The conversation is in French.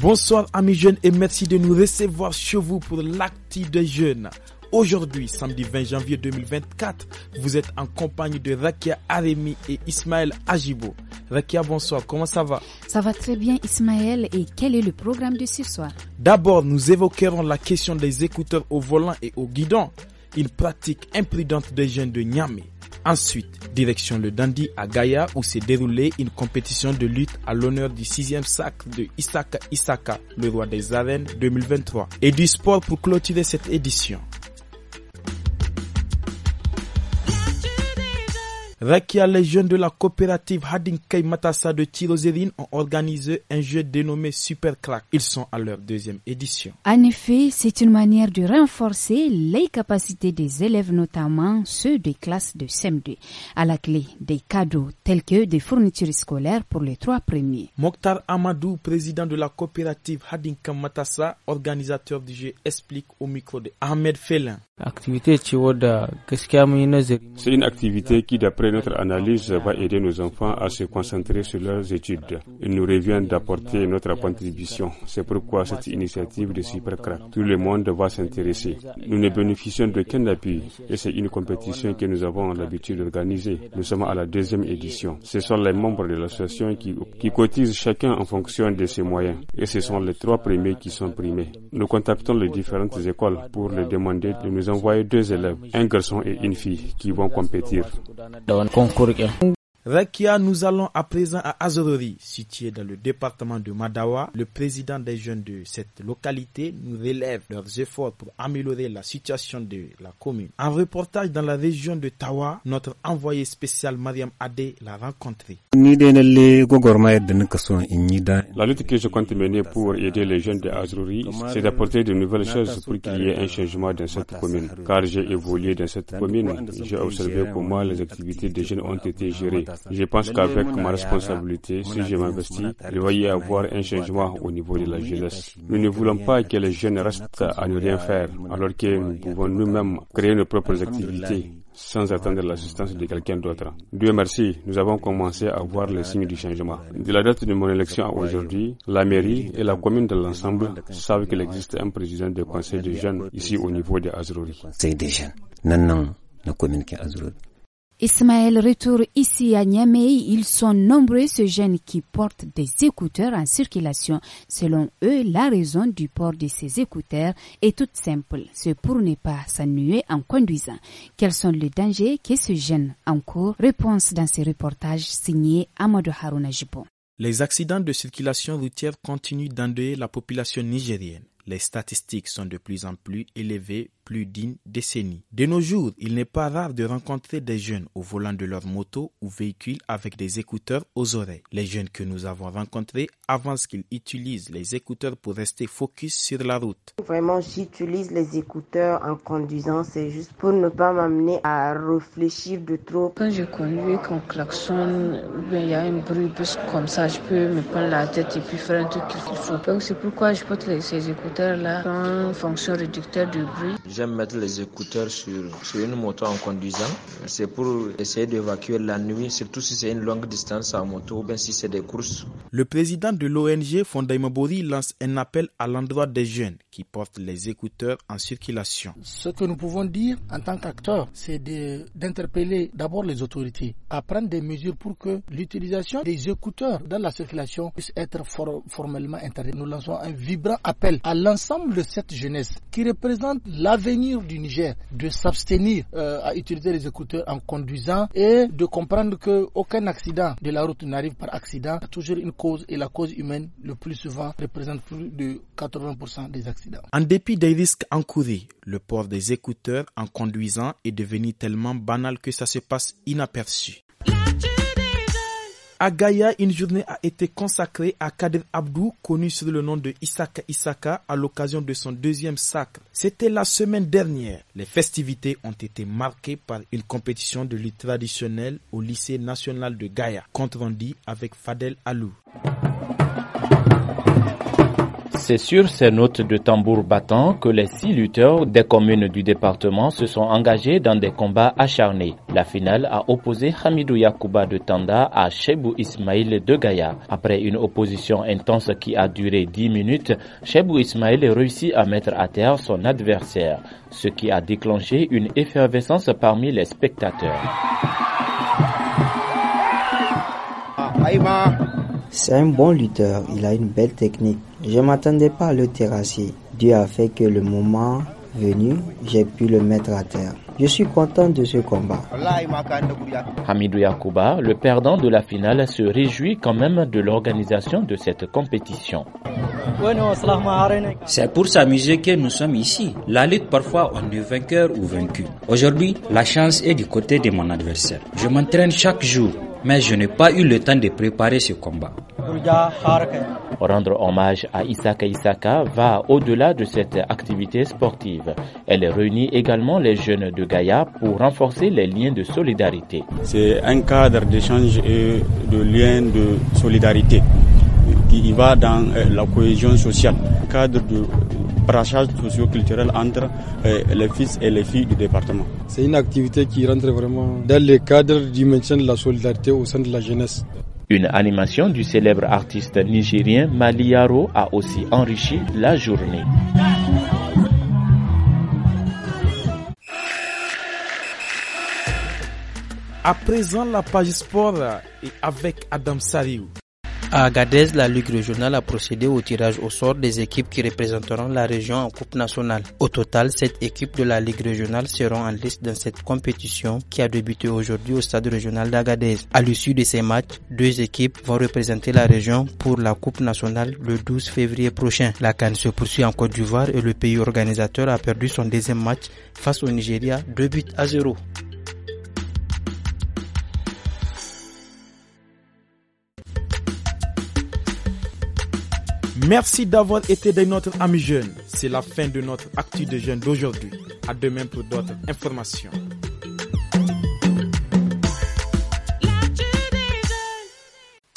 Bonsoir amis jeunes et merci de nous recevoir chez vous pour l'acti des jeunes. Aujourd'hui, samedi 20 janvier 2024, vous êtes en compagnie de Rakia Aremi et Ismaël Ajibo. Rakia, bonsoir, comment ça va Ça va très bien Ismaël et quel est le programme de ce soir D'abord, nous évoquerons la question des écouteurs au volant et au guidon, une pratique imprudente des jeunes de Niamey. Ensuite, direction le Dandy à Gaïa où s'est déroulée une compétition de lutte à l'honneur du sixième sac de Isaka Isaka, le roi des arènes 2023. Et du sport pour clôturer cette édition. Rakia, les jeunes de la coopérative Hadinkai Matassa de Tirozerine ont organisé un jeu dénommé Super Crack. Ils sont à leur deuxième édition. En effet, c'est une manière de renforcer les capacités des élèves, notamment ceux des classes de CM2. À la clé, des cadeaux tels que des fournitures scolaires pour les trois premiers. Mokhtar Amadou, président de la coopérative Hadinka Matassa, organisateur du jeu, explique au micro de Ahmed Felin. C'est une activité qui, d'après notre analyse va aider nos enfants à se concentrer sur leurs études. Il nous revient d'apporter notre contribution. C'est pourquoi cette initiative de Supercrack, tout le monde va s'intéresser. Nous ne bénéficions d'aucun appui et c'est une compétition que nous avons l'habitude d'organiser. Nous sommes à la deuxième édition. Ce sont les membres de l'association qui, cotisent chacun en fonction de ses moyens et ce sont les trois premiers qui sont primés. Nous contactons les différentes écoles pour leur demander de nous envoyer deux élèves, un garçon et une fille, qui vont compétir. concurso Rekia, nous allons à présent à Azorori, situé dans le département de Madawa. Le président des jeunes de cette localité nous relève leurs efforts pour améliorer la situation de la commune. En reportage dans la région de Tawa, notre envoyé spécial Mariam Adé l'a rencontré. La lutte que je compte mener pour aider les jeunes de Azorori, c'est d'apporter de nouvelles choses pour qu'il y ait un changement dans cette commune. Car j'ai évolué dans cette commune, j'ai observé comment les activités des jeunes ont été gérées. Je pense qu'avec ma responsabilité, si je m'investis, il va y avoir un changement au niveau de la jeunesse. Nous ne voulons pas que les jeunes restent à ne rien faire, alors que nous pouvons nous-mêmes créer nos propres activités sans attendre l'assistance de quelqu'un d'autre. Dieu merci, nous avons commencé à voir les signes du changement. De la date de mon élection à aujourd'hui, la mairie et la commune de l'ensemble savent qu'il existe un président de conseil des jeunes ici au niveau de Azrouri. C'est des jeunes. Non, non, la commune qui Ismaël, retourne ici à Niamey. Ils sont nombreux ces jeunes qui portent des écouteurs en circulation. Selon eux, la raison du port de ces écouteurs est toute simple. Ce pour ne pas s'ennuyer en conduisant. Quels sont les dangers que ces jeunes encourent Réponse dans ce reportage signé Amadou Harouna Jibon. Les accidents de circulation routière continuent d'endeuiller la population nigérienne les statistiques sont de plus en plus élevées plus d'une décennie. De nos jours, il n'est pas rare de rencontrer des jeunes au volant de leur moto ou véhicule avec des écouteurs aux oreilles. Les jeunes que nous avons rencontrés avancent qu'ils utilisent les écouteurs pour rester focus sur la route. Vraiment, j'utilise les écouteurs en conduisant, c'est juste pour ne pas m'amener à réfléchir de trop. Quand je conduis, on klaxonne, il y a un bruit comme ça, je peux me prendre la tête et puis faire un truc qu'il faut. c'est pourquoi je porte ces écouteurs là fonction réducteur du bruit. J'aime mettre les écouteurs sur, sur une moto en conduisant. C'est pour essayer d'évacuer la nuit, surtout si c'est une longue distance en moto ou bien si c'est des courses. Le président de l'ONG Fondaimabori lance un appel à l'endroit des jeunes qui portent les écouteurs en circulation. Ce que nous pouvons dire en tant qu'acteurs, c'est d'interpeller d'abord les autorités à prendre des mesures pour que l'utilisation des écouteurs dans la circulation puisse être formellement interdite. Nous lançons un vibrant appel à l'ensemble de cette jeunesse qui représente l'avenir du Niger de s'abstenir euh, à utiliser les écouteurs en conduisant et de comprendre que aucun accident de la route n'arrive par accident, toujours une cause et la cause humaine le plus souvent représente plus de 80% des accidents. En dépit des risques encourus, le port des écouteurs en conduisant est devenu tellement banal que ça se passe inaperçu. À Gaïa, une journée a été consacrée à Kader Abdou, connu sous le nom de Isaka Isaka, à l'occasion de son deuxième sacre. C'était la semaine dernière. Les festivités ont été marquées par une compétition de lutte traditionnelle au lycée national de Gaïa, contre avec Fadel Alou. C'est sur ces notes de tambour battant que les six lutteurs des communes du département se sont engagés dans des combats acharnés. La finale a opposé Hamidou Yakouba de Tanda à Chebou Ismail de Gaïa. Après une opposition intense qui a duré 10 minutes, Chebou Ismail réussit à mettre à terre son adversaire, ce qui a déclenché une effervescence parmi les spectateurs. Ah, C'est un bon lutteur, il a une belle technique. Je ne m'attendais pas à le terrasser. Dieu a fait que le moment venu, j'ai pu le mettre à terre. Je suis content de ce combat. Hamidou Yakuba, le perdant de la finale, se réjouit quand même de l'organisation de cette compétition. C'est pour s'amuser que nous sommes ici. La lutte, parfois, on est vainqueur ou vaincu. Aujourd'hui, la chance est du côté de mon adversaire. Je m'entraîne chaque jour mais je n'ai pas eu le temps de préparer ce combat. Rendre hommage à Isaka Isaka va au-delà de cette activité sportive. Elle réunit également les jeunes de Gaïa pour renforcer les liens de solidarité. C'est un cadre d'échange et de lien de solidarité qui va dans euh, la cohésion sociale, cadre de brassage socio-culturel entre euh, les fils et les filles du département. C'est une activité qui rentre vraiment dans le cadre du maintien de la solidarité au sein de la jeunesse. Une animation du célèbre artiste nigérien Maliaro a aussi enrichi la journée. À présent, la page sport est euh, avec Adam Sariou. À Agadez, la Ligue régionale a procédé au tirage au sort des équipes qui représenteront la région en Coupe nationale. Au total, sept équipes de la Ligue régionale seront en liste dans cette compétition qui a débuté aujourd'hui au stade régional d'Agadez. À l'issue de ces matchs, deux équipes vont représenter la région pour la Coupe nationale le 12 février prochain. La Cannes se poursuit en Côte d'Ivoire et le pays organisateur a perdu son deuxième match face au Nigeria 2 buts à 0. Merci d'avoir été de notre ami jeune. C'est la fin de notre actu de jeunes d'aujourd'hui. À demain pour d'autres informations.